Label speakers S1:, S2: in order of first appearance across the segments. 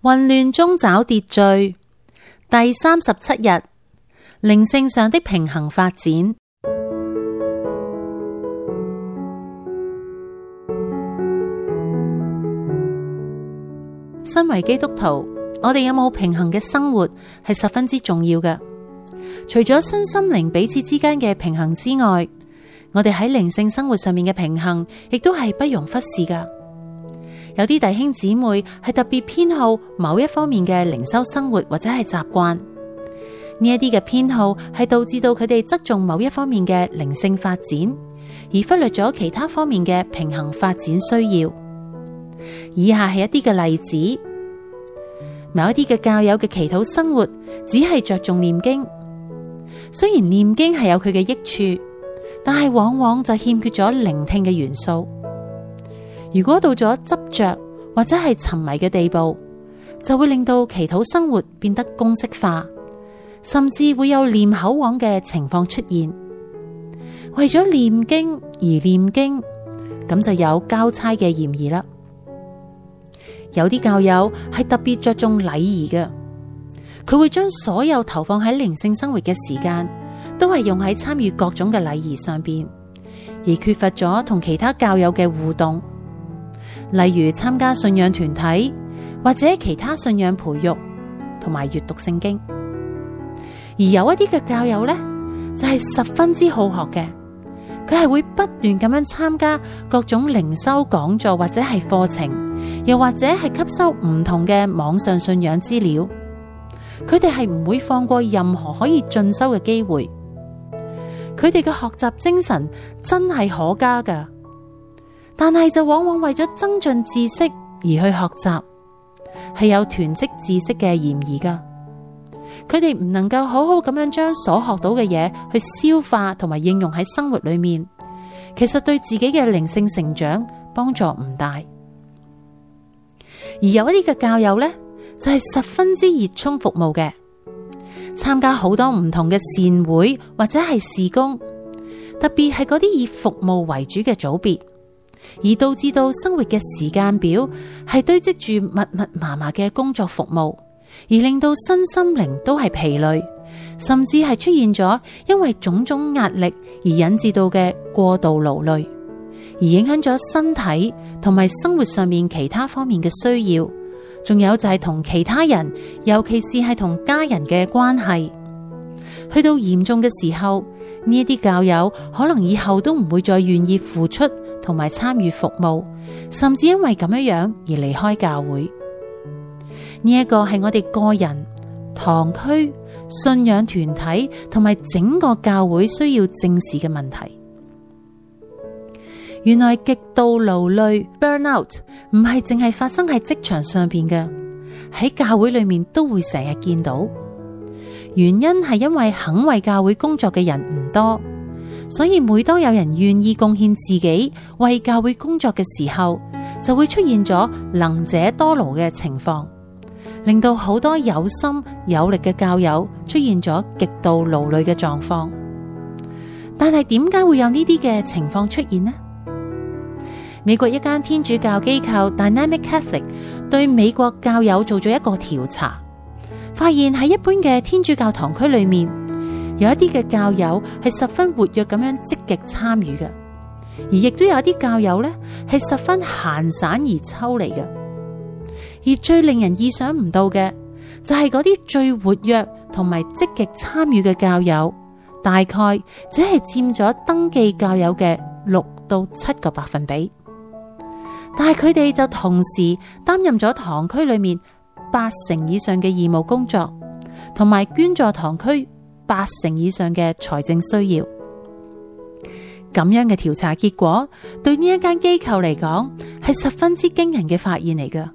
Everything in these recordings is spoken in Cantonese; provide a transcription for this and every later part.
S1: 混亂中找秩序，第三十七日，靈性上的平衡發展。身為基督徒，我哋有冇平衡嘅生活係十分之重要嘅。除咗身心靈彼此之間嘅平衡之外，我哋喺靈性生活上面嘅平衡，亦都係不容忽視噶。有啲弟兄姊妹係特別偏好某一方面嘅靈修生活或者係習慣，呢一啲嘅偏好係導致到佢哋側重某一方面嘅靈性發展，而忽略咗其他方面嘅平衡發展需要。以下係一啲嘅例子，某一啲嘅教友嘅祈禱生活只係着重念經，雖然念經係有佢嘅益處，但係往往就欠缺咗聆聽嘅元素。如果到咗執着或者係沉迷嘅地步，就會令到祈禱生活變得公式化，甚至會有念口簧嘅情況出現。為咗念經而念經，咁就有交差嘅嫌疑啦。有啲教友係特別着重禮儀嘅，佢會將所有投放喺靈性生活嘅時間，都係用喺參與各種嘅禮儀上邊，而缺乏咗同其他教友嘅互動。例如參加信仰團體或者其他信仰培育，同埋閱讀聖經。而有一啲嘅教友呢，就係十分之好學嘅，佢係會不斷咁樣參加各種靈修講座或者係課程，又或者係吸收唔同嘅網上信仰資料。佢哋係唔會放過任何可以進修嘅機會，佢哋嘅學習精神真係可嘉噶。但係就往往為咗增進知識而去學習，係有囤積知識嘅嫌疑噶。佢哋唔能夠好好咁樣將所學到嘅嘢去消化同埋應用喺生活裏面，其實對自己嘅靈性成長幫助唔大。而有一啲嘅教友呢，就係十分之熱衷服務嘅，參加好多唔同嘅善會或者係事工，特別係嗰啲以服務為主嘅組別。而導致到生活嘅時間表係堆積住密密麻麻嘅工作服務，而令到身心靈都係疲累，甚至係出現咗因為種種壓力而引致到嘅過度勞累，而影響咗身體同埋生活上面其他方面嘅需要。仲有就係同其他人，尤其是係同家人嘅關係，去到嚴重嘅時候，呢一啲教友可能以後都唔會再願意付出。同埋參與服務，甚至因為咁樣樣而離開教會，呢一個係我哋個人、堂區、信仰團體同埋整個教會需要正視嘅問題。原來極度勞累 （burnout） 唔係淨係發生喺職場上邊嘅，喺教會裏面都會成日見到。原因係因為肯為教會工作嘅人唔多。所以每當有人願意貢獻自己為教會工作嘅時候，就會出現咗能者多勞嘅情況，令到好多有心有力嘅教友出現咗極度勞累嘅狀況。但係點解會有呢啲嘅情況出現呢？美國一間天主教機構 Dynamic Catholic 對美國教友做咗一個調查，發現喺一般嘅天主教堂區裏面。有一啲嘅教友係十分活躍咁樣積極參與嘅，而亦都有啲教友呢係十分閒散而抽離嘅。而最令人意想唔到嘅就係嗰啲最活躍同埋積極參與嘅教友，大概只係佔咗登記教友嘅六到七個百分比，但係佢哋就同時擔任咗堂區裏面八成以上嘅義務工作，同埋捐助堂區。八成以上嘅財政需要，咁樣嘅調查結果，對呢一間機構嚟講係十分之驚人嘅發現嚟㗎。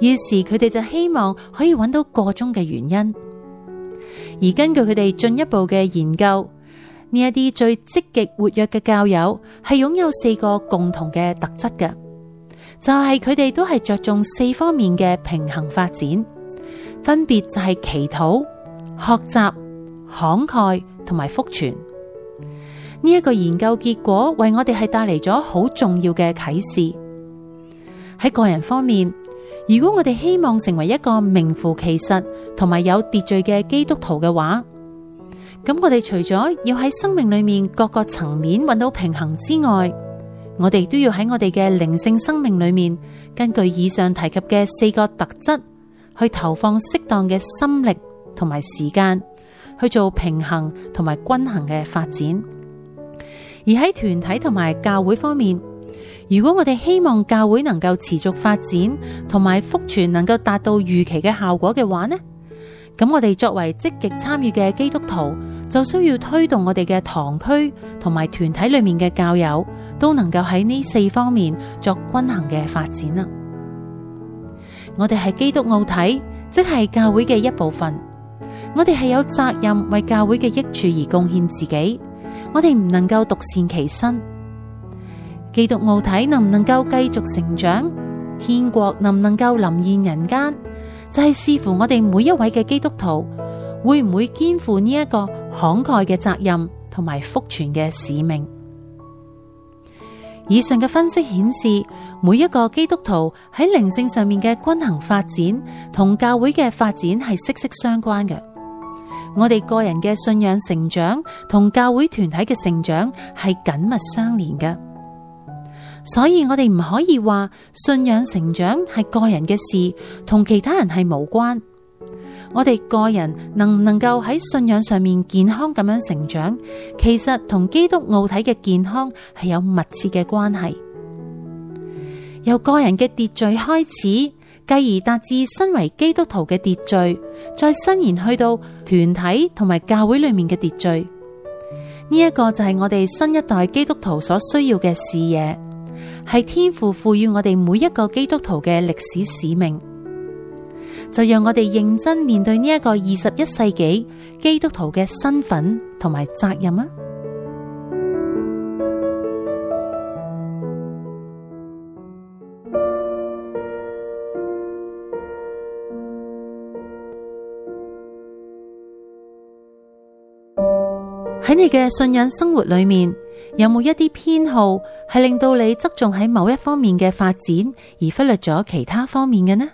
S1: 於是佢哋就希望可以揾到箇中嘅原因。而根據佢哋進一步嘅研究，呢一啲最積極活躍嘅教友係擁有四個共同嘅特質嘅，就係佢哋都係着重四方面嘅平衡發展，分別就係祈禱、學習，慷慨同埋福傳。呢一個研究結果為我哋係帶嚟咗好重要嘅啟示。喺個人方面，如果我哋希望成為一個名副其實同埋有秩序嘅基督徒嘅話，咁我哋除咗要喺生命裏面各個層面搵到平衡之外，我哋都要喺我哋嘅靈性生命裏面，根據以上提及嘅四個特質去投放適當嘅心力同埋時間。去做平衡同埋均衡嘅發展，而喺團體同埋教會方面，如果我哋希望教會能夠持續發展同埋福傳能夠達到預期嘅效果嘅話呢，咁我哋作為積極參與嘅基督徒，就需要推動我哋嘅堂區同埋團體裏面嘅教友都能夠喺呢四方面作均衡嘅發展啦。我哋係基督奧體，即係教會嘅一部分。我哋係有責任為教會嘅益處而貢獻自己，我哋唔能夠獨善其身。基督奧體能唔能夠繼續成長，天國能唔能夠臨現人間，就係、是、視乎我哋每一位嘅基督徒會唔會肩負呢一個慷慨嘅責任同埋福傳嘅使命。以上嘅分析顯示，每一個基督徒喺靈性上面嘅均衡發展同教會嘅發展係息息相關嘅。我哋個人嘅信仰成長同教會團體嘅成長係緊密相連嘅，所以我哋唔可以話信仰成長係個人嘅事，同其他人係無關。我哋個人能唔能夠喺信仰上面健康咁樣成長，其實同基督奧體嘅健康係有密切嘅關係。由個人嘅秩序開始。繼而達至身為基督徒嘅秩序，再伸延去到團體同埋教會裏面嘅秩序。呢一個就係我哋新一代基督徒所需要嘅視野，係天父賦予我哋每一個基督徒嘅歷史使命。就讓我哋認真面對呢一個二十一世紀基督徒嘅身份同埋責任啊！喺你嘅信仰生活裏面，有冇一啲偏好係令到你側重喺某一方面嘅發展，而忽略咗其他方面嘅呢？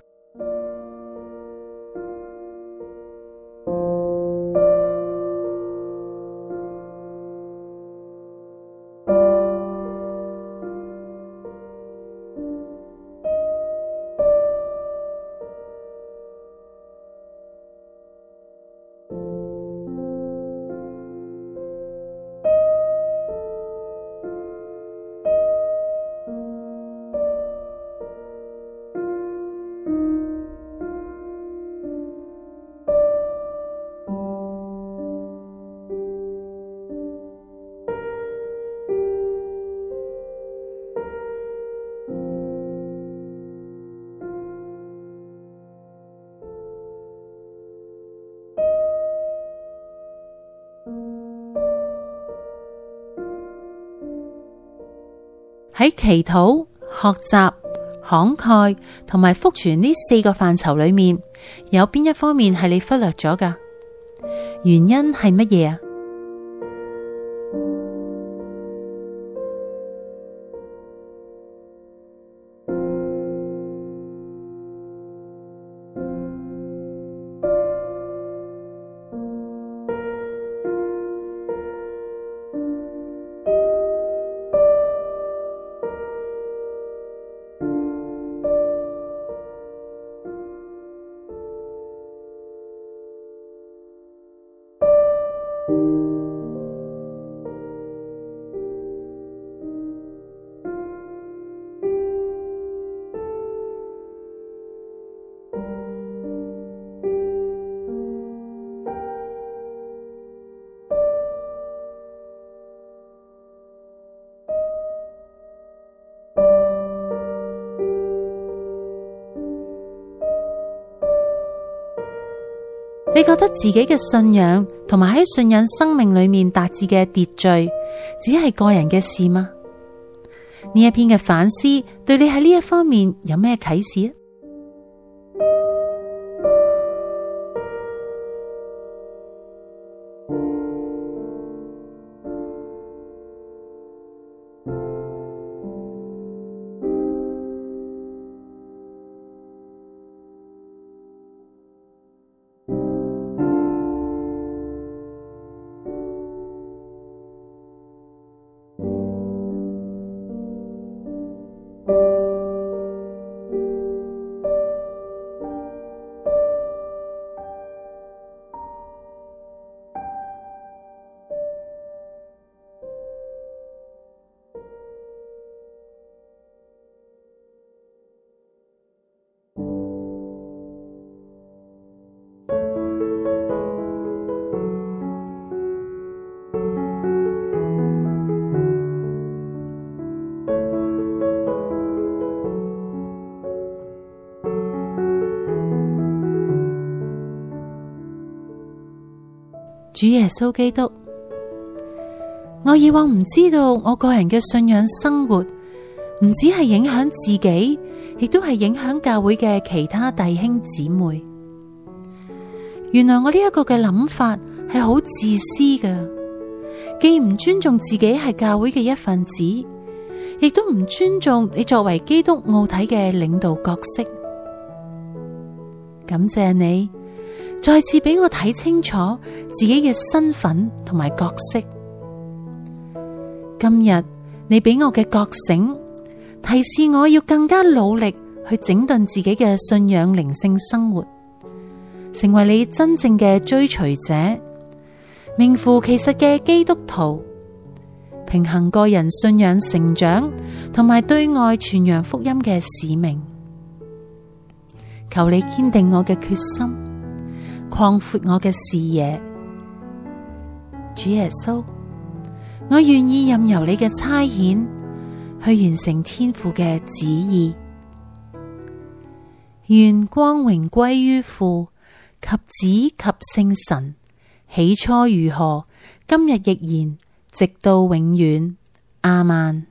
S1: 喺祈禱、學習、慷慨同埋福傳呢四個範疇裏面，有邊一方面係你忽略咗㗎？原因係乜嘢啊？你覺得自己嘅信仰同埋喺信仰生命裏面達至嘅秩序，只係個人嘅事嗎？呢一篇嘅反思，對你喺呢一方面有咩啟示啊？主耶穌基督，我以往唔知道我個人嘅信仰生活唔止係影響自己，亦都係影響教會嘅其他弟兄姊妹。原來我呢一個嘅諗法係好自私㗎，既唔尊重自己係教會嘅一份子，亦都唔尊重你作為基督奧體嘅領導角色。感謝你。再次俾我睇清楚自己嘅身份同埋角色。今日你俾我嘅覺醒，提示我要更加努力去整頓自己嘅信仰靈性生活，成為你真正嘅追隨者，名副其實嘅基督徒，平衡個人信仰成長同埋對外傳揚福音嘅使命。求你堅定我嘅決心。擴闊我嘅視野，主耶穌，我願意任由你嘅差遣去完成天父嘅旨意，願光榮歸於父及子及聖神，起初如何，今日亦然，直到永遠，亞孟。